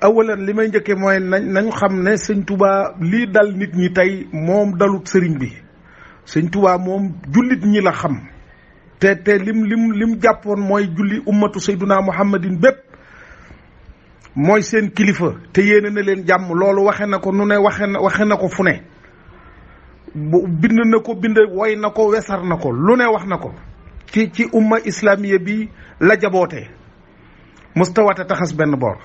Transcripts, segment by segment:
awalan li may njëkkee mooy na nañu xam ne sëñ tubaa lii dal nit ñi tey moom dalut sëriñ bi sëñ tubaa moom jullit ñi la xam te te lim lim jàppoon mooy julli ummatu sayduna muhammadin bépp mooy seen kilifa te yéene na leen jàmm loolu waxe na ko nu ne waxe na na ko fu ne bind na ko bind woy na ko wesar na ko lu ne wax na ko ci ci umma islamiya bi la jaboote mustawata taxas benn boor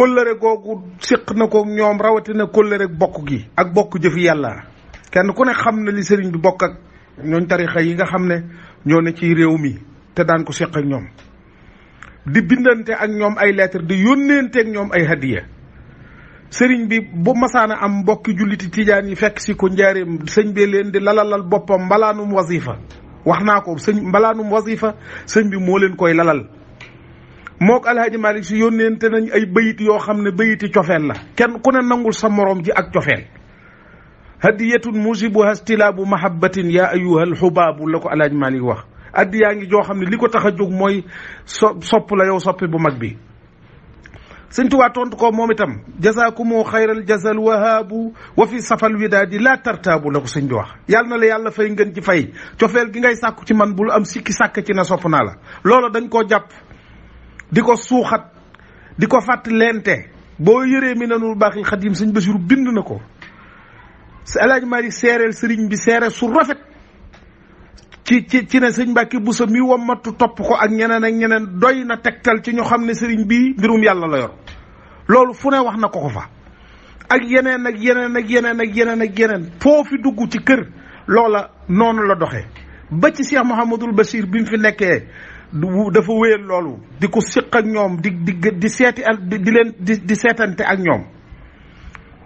kóllëre googu séq na kook ñoom rawatina kóllëre bokk gi ak bokk jëfi yàlla kenn ku ne xam na li sëriñ bi bokk ak ñooñ tarixa yi nga xam ne ñoo ne ci réew mi te daan ko séq ak ñoom di bindante ak ñoom ay lettre di yónneente ak ñoom ay hadiya sëriñ bi bu masaana am mbokki julliti tijaan yi fekk si ko njaareem sëñ bee leen di lalalal boppam mbalaanum wasifa wax naa ko sëñ mbalaanum wasifa sëñ bi moo leen koy lalal mook alhaaji Malick si yónneente nañ ay bayit yoo xam ne bayiti cofeel la kenn ku ne nangul sa moroom ji ak cofeel hadiyatun musibuha istilaabu mahabbatin yaa ayuha alxubaabu la ko alhaaji Malick wax addi yaa ngi joo xam ne li ko tax a jóg mooy so sopp la yow soppi bu mag bi sëñ Tuubaa tontu ko moom itam jasaakumoo xayral jasal wahaabu wa fi safal widaadi laa tartaabu la ko sëñ bi wax yàlla na la yàlla fay ngeen ci fay cofeel gi ngay sàkku ci man bul am sikki sàkk ci na sopp la loola dañ koo jàpp di ko suuxat di ko fàttalente boo yéree mi nanul baaxil xadim sëñ Basiru bind na ko alaaj Maalik seereel sëriñ bi seere su rafet ci ci ci ne sëñ Mbàkke Buso mi wamatu topp ko ak ñeneen ak ñeneen doy na tegtal ci ñu xam ne sëriñ bi mbirum yàlla la yor loolu fu ne wax na ko ko fa ak yeneen ak yeneen ak yeneen ak yeneen ak yeneen foo fi dugg ci kër loola noonu la doxee ba ci Cheikh Mouhamadul Bachir bi mu fi nekkee du dafa wéyal loolu di ko siq ak ñoom di di di seeti ak di leen di di seetante ak ñoom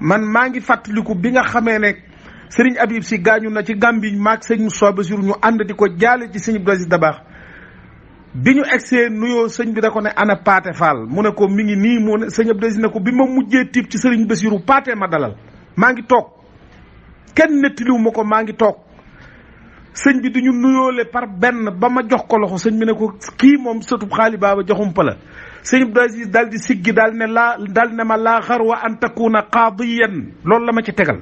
man maa ngi fàttaliku bi nga xamee ne sëriñ Habib si gaañu na ci Gàmbi maag sëñ Moussa Bassirou ñu ànd di ko jaale ci sëñ Abdou Aziz Dabakh bi ñu egsee nuyoo sëñ bi da ne ana mu ne ko mi ngi nii mu ne sëñ ne ko bi ma mujjee tiib ci sëriñ Bassirou Paate ma dalal maa ngi toog kenn nettaliwu ko maa ngi toog sëñ bi duñu nuyoole par benn ba ma jox ko loxo sëñ bi ne ko kii moom sëtub xaali baaba joxumpa la sëñ Abdou Aziz daal di siggi daal ne laa dal ne ma laa xarwa an takuna qaadiyan loolu la ma ci tegal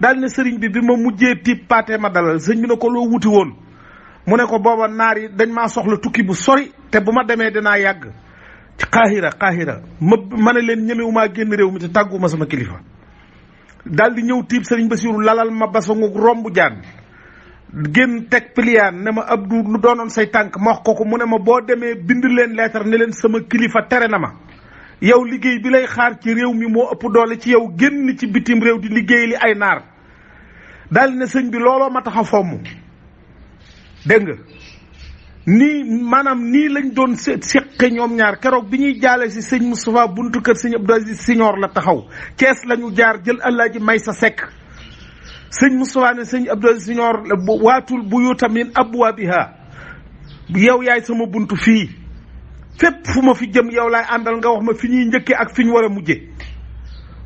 dal ne sëriñ bi bi ma mujjee tiib paatee ma dalal sëñ bi ne ko loo wuti woon mu ne ko booba naar yi dañ maa soxla tukki bu sori te bu ma demee dinaa yàgg ci xaahira xaahira ma ma ne leen maa génn réew mi te tàgguma sama kilifa daal di ñëw tiib sëriñ Basiiru lalal ma basangu romb jaan génn teg pliaan ne ma Abdou lu doonoon say tànk ma wax ko ko mu ne ma boo demee bind leen leetar ne leen sama kilifa tere na ma yow liggéey bi lay xaar ci réew mi moo ëpp doole ci yow génn ci bitim réew di liggéey li ay naar daal ne sëñ bi looloo ma tax a fomm dégg nga nii maanaam nii lañ doon séqe ñoom ñaar keroog bi ñuy jaale si sëñ Moustapha buntu kër sëñ Abdou Aziz Siñoor la taxaw Cees lañu jaar jël may sa Sekk sëñ Moustapha ne sëñ Abdou Aziz Siñoor waatul bu buyuuta min abwaabiha yow yaay sama bunt fii fépp fu ma fi jëm yow laay àndal nga wax ma fi ñuy njëkkee ak fi ñu war a mujjee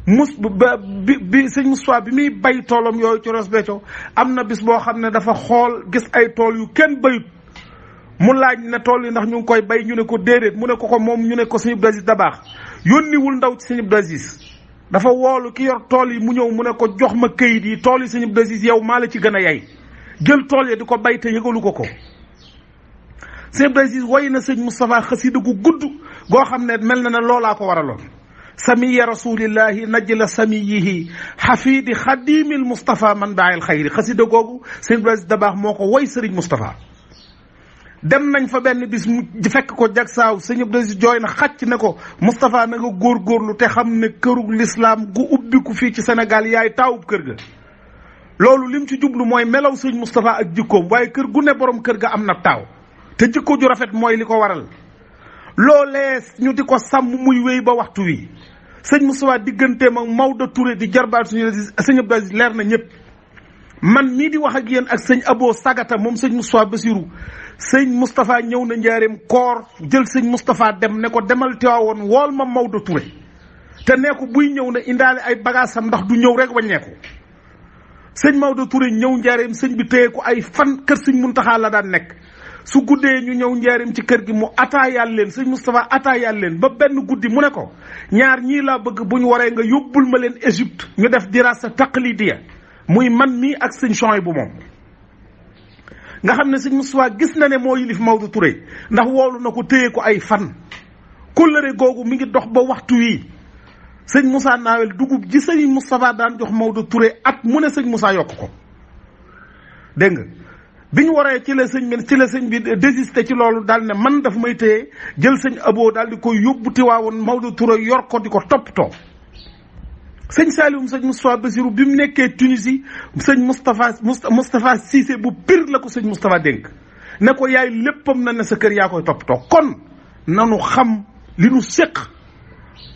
mus ba bi bi sëñ Moustapha bi muy bay toolam yooyu ci Ross Béthio am na bis boo xam ne dafa xool gis ay tool yu kenn bayut mu laaj ne tool yi ndax ñu ngi koy bay ñu ne ko déedéet mu ne ko ko moom ñu ne ko sëñ Abdou da baax yónniwul ndaw ci sëñ Abdou dafa woolu ki yor tool yi mu ñëw mu ne ko jox ma këyit yi tool yi Sëñ Abdou Aziz yow maa la ci gën a yay jël tool yi di ko bay te yëgalu ko ko Sëñ Abdou Aziz na sëñ Moustapha xasida gu gudd goo xam ne mel na ne loolaa ko waraloon samiya rasulillahi najla samiyihi xafiidi xadimil Moustapha man baayil xayri xasida googu Sëñ Abdou Aziz Dabaax moo ko woy sëriñ Moustapha dem nañ fa benn bis mu fekk ko jag saaw sëñ Abdou jooy na xàcc ne ko Moustapha na nga góorlu te xam ne kërug lislaam gu ubbiku fii ci Sénégal yaay taawub kër ga loolu lim ci jublu mooy melaw sëñ Moustapha ak jikkoom waaye kër gu ne boroom kër ga am na taaw te jikko ju rafet mooy li ko waral loolee ñu di ko sàmm muy wéy ba waxtu wi sëñ Moustapha digganteem ak Maodo Touré di jarbaat suñu sëñ Abdou leer na ñëpp man mii di wax ak yéen ak sëñ Abo Sagata moom sëñ Moustapha Bassirou sëñ Moustapha ñëw na njaareem koor jël sëñ Moustapha dem ne ko demal woon wool ma Maodo Touré te nee ko buy ñëw na indaale ay bagaasam ndax du ñëw rek waññeeku sëñ Maodo Touré ñëw njaareem sëñ bi téye ko ay fan kër sëñ Muntaxa la daan nekk su guddee ñu ñëw njaareem ci kër gi mu ataayaal leen sëñ Moustapha ataayaal leen ba benn guddi mu ne ko ñaar ñii laa bëgg bu ñu waree nga yóbbul ma leen Égypte ñu def dirasa taqlidiya muy man mii ak sëñ Chouaï bu moom nga xam ne sëñ Moussa gis na ne moo yilif Maodo Touré ndax woolu na ko téye ko ay fan kóllëre googu mi ngi dox ba waxtu wii sëñ Moussa naawel dugub ji sëñ Moustapha daan jox Maodo Touré at mu ne sëñ Moussa yokk ko dégg nga bi ñu waree ci la sëñ bi ci la sëñ bi désisté ci loolu daal ne man daf may téye jël sëñ aboo daal di koy yóbbu tiwaawoon Maodo Touré yor ko di ko toppatoo sëñ Saalum sëñ Moustapha Bassirou bi mu nekkee Tunisie sëñ Moustapha Moustapha Cissé bu pire la ko sëñ Moustapha dénk ne ko yaay léppam na ne sa kër yaa koy toppatoo kon nanu xam li nu séq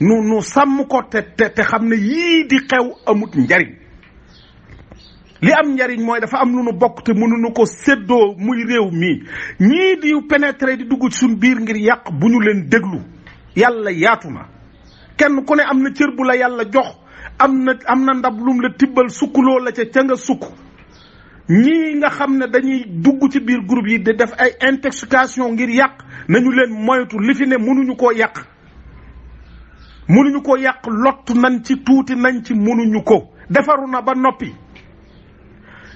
nu nu sàmm ko te te xam ne yii di xew amut njariñ li am njariñ mooy dafa am lu nu bokk te mënuñu ko seddoo muy réew mi ñii di pénétrer di dugg ci suñ biir ngir yàq bu ñu leen déglu yàlla yaatu na kenn ku ne am na cër bu la yàlla jox am na am na ndab lum la tibbal sukkuloo la ca ca nga sukk ñii nga xam ne dañuy dugg ci biir groupe yi di def ay intoxication ngir yàq nañu leen moytu li fi ne mënuñu koo yàq mënuñu ko yàq lott nañ ci tuuti nañ ci mënuñu ko defaru na ba noppi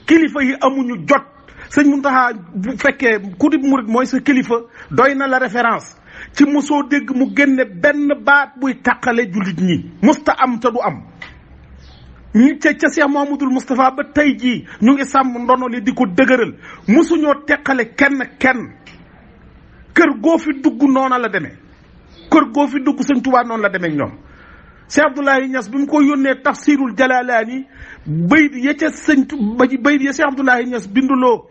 kilifa yi amuñu jot sëñ Muntaxa bu fekkee ku di murit mooy sa kilifa doy na la référence ci mosoo dégg mu génne benn baat buy tàqale jullit ñi musta am te du am ñu ca ca Cheikh Mouhamadoul Moustapha ba tey jii ñu ngi sàmm ndono li di ko dëgëral mësuñoo teqale kenn kenn kër goo fi dugg noona la demee kër goo fi dugg sëñ Tuubaa noonu la demee ñoom Cheikh Abdoulaye Niass bi mu ko yónnee tafsirul jalalaani bay ya ca sëñ ba bay ya Cheikh Abdoulaye Niass binduloo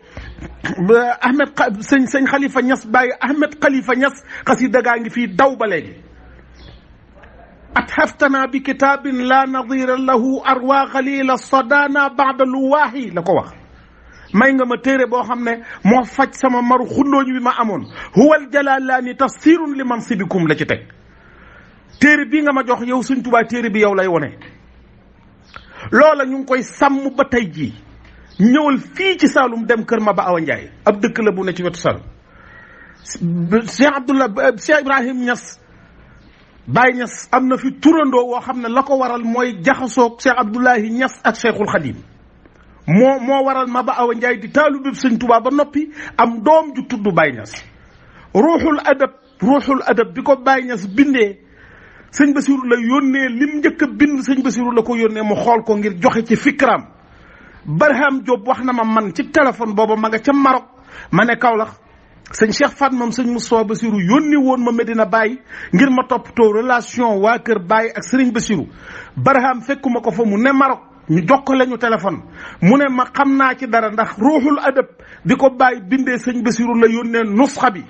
Ahmed sëñ sëñ Khalifa Niass bàyyi Ahmed Khalifa Niass xasida gaa ngi fii daw ba léegi atxaftana bi kitaabin la nadira lahu arwa xalila sadana baada luwaahi la ko wax may nga ma téere boo xam ne moo faj sama maru xullooñ wi ma amoon huwal jalalaani tafsirun li mansibikum la ci teg téere bi nga ma jox yow suñ tubaa téere bi yow lay wone loola ñu ngi koy sàmm ba tey jii ñëwal fii ci Saalum dem kër Maba Awa Ndiaye ab dëkk la bu ne ci wetu Saalum Cheikh Ibrahim Niass Baye ñas am na fi turandoo woo xam ne la ko waral mooy jaxasoog Cheikh Abdoulahi Niass ak Cheikhul Khadim moo moo waral Maba Awa Ndiaye di taalubeb Sëñ Tuubaa ba noppi am doom ju tudd Baye Niass ruuxul adab ruuxul adab bi ko Baye Niass bindee sëñ Basiru la yónnee lim njëkk a bind sëñ Basiru la ko yónnee mu xool ko ngir joxe ci fikraam Barham Diop wax na ma man ci téléphone booba ma nga ca Maroc ma ne kawlax sëñ Cheikh Fatma moom sëñ Moustapha Bassirou yónni woon ma Medina bàyyi ngir ma toppatoo relation waa kër bàyyi ak sëriñ Bassirou Barham fekkuma ko fa mu ne Maroc ñu jokkale lañu téléphone mu ne ma xam naa ci dara ndax ruuxul adab di ko bàyyi bindee sëñ Bassirou la yónnee nusxa bi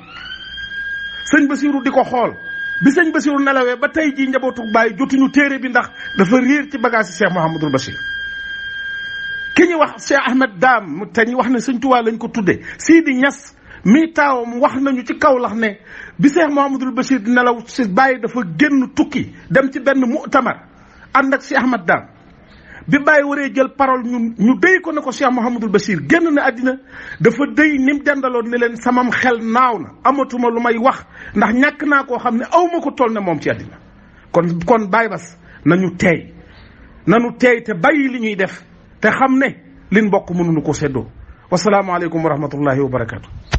sëñ Bassirou di ko xool bi sëñ Bassirou nelawee ba tey jii njabootu bàyyi jotuñu téere bi ndax dafa réer ci bagage yi Cheikh Mouhamadul Bachir. ki ñu wax Cheikh Ahmed Dame te ñu wax ne sëñ Touba lañ ko tuddee Sidi Niass. mii taawam wax nañu ci kaw lax ne bi Cheikh Mouhamadul Bachir di nelaw si bàyyi dafa génn tukki dem ci benn mu'tamar ànd ak si Ahmad Daan bi bàyyi waree jël parole ñu déy ko ne ko Cheikh Mouhamadul Bachir génn na àddina dafa déy ni mu dendaloon ne leen samam xel naaw na amatuma lu may wax ndax ñàkk naa koo xam ne aw ko toll ne moom ci àddina kon kon Baye Bass nañu teey nañu teey te bàyyi li ñuy def te xam ne lin bokk mënuñu ko séddoo wasalaamaaleykum wa rahmatullahi wa barakaatu.